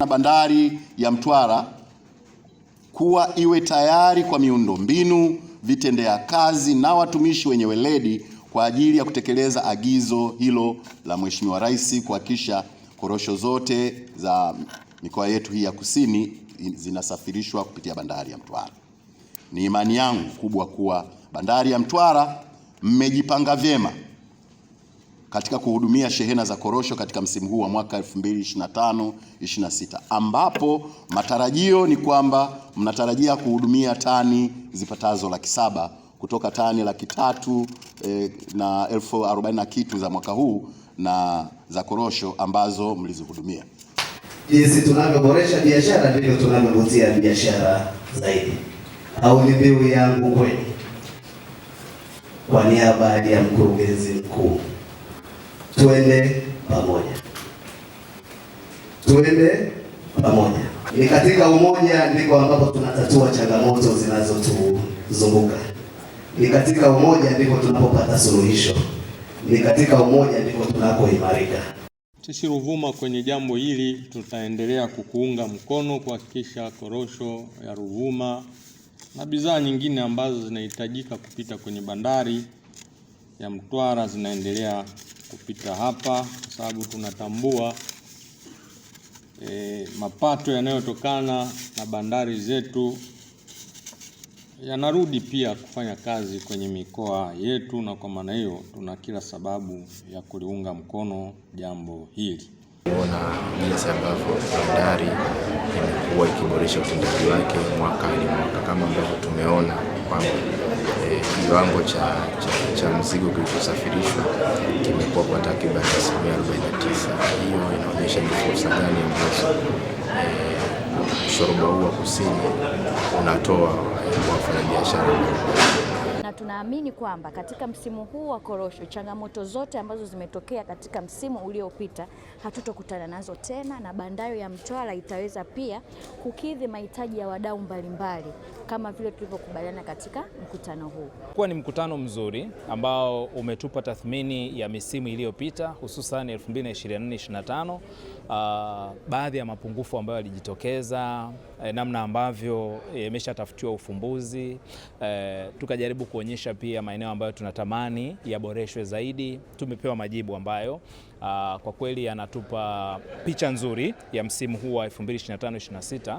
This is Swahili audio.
na bandari ya Mtwara kuwa iwe tayari kwa miundombinu, vitendea kazi na watumishi wenye weledi kwa ajili ya kutekeleza agizo hilo la Mheshimiwa Rais kuhakikisha korosho zote za mikoa yetu hii ya kusini zinasafirishwa kupitia bandari ya Mtwara. Ni imani yangu kubwa kuwa bandari ya Mtwara mmejipanga vyema katika kuhudumia shehena za korosho katika msimu huu wa mwaka 2025 26 ambapo matarajio ni kwamba mnatarajia kuhudumia tani zipatazo laki saba kutoka tani laki tatu eh, na elfu arobaini na kitu za mwaka huu na za korosho ambazo mlizihudumia. Jinsi tunavyoboresha biashara ndivyo tunavyovutia biashara zaidi, au ni mbiu yangu kweli, kwa niaba ya mkurugenzi mkuu twende pamoja, twende pamoja. Ni katika umoja ndiko ambapo tunatatua changamoto zinazotuzunguka. Ni katika umoja ndiko tunapopata suluhisho. Ni katika umoja ndiko tunapoimarika. Sisi Ruvuma kwenye jambo hili tutaendelea kukuunga mkono kuhakikisha korosho ya Ruvuma na bidhaa nyingine ambazo zinahitajika kupita kwenye bandari ya Mtwara zinaendelea kupita hapa, kwa sababu tunatambua e, mapato yanayotokana na bandari zetu yanarudi pia kufanya kazi kwenye mikoa yetu, na kwa maana hiyo tuna kila sababu ya kuliunga mkono jambo hili. Ona jinsi ambavyo bandari imekuwa ikiboresha utendaji wake mwaka hadi mwaka, kama ambavyo tumeona kwamba e, kiwango e, cha, cha, cha mzigo kilichosafirishwa hiyo inaonyesha ni fursa gani ambazo e, huu wa Kusini unatoa eh, kwa wafanyabiashara na tunaamini kwamba katika msimu huu wa korosho, changamoto zote ambazo zimetokea katika msimu uliopita hatutokutana nazo tena, na Bandayo ya Mtwara itaweza pia kukidhi mahitaji ya wadau mbalimbali kama vile tulivyokubaliana katika mkutano huu. Kuwa ni mkutano mzuri ambao umetupa tathmini ya misimu iliyopita hususan 2024 2025, uh, baadhi ya mapungufu ambayo yalijitokeza, eh, namna ambavyo yameshatafutiwa eh, ufumbuzi eh, tukajaribu ku kuonyesha pia maeneo ambayo tunatamani yaboreshwe zaidi. Tumepewa majibu ambayo aa, ah, kwa kweli yanatupa picha nzuri ya msimu huu wa 2025-2026.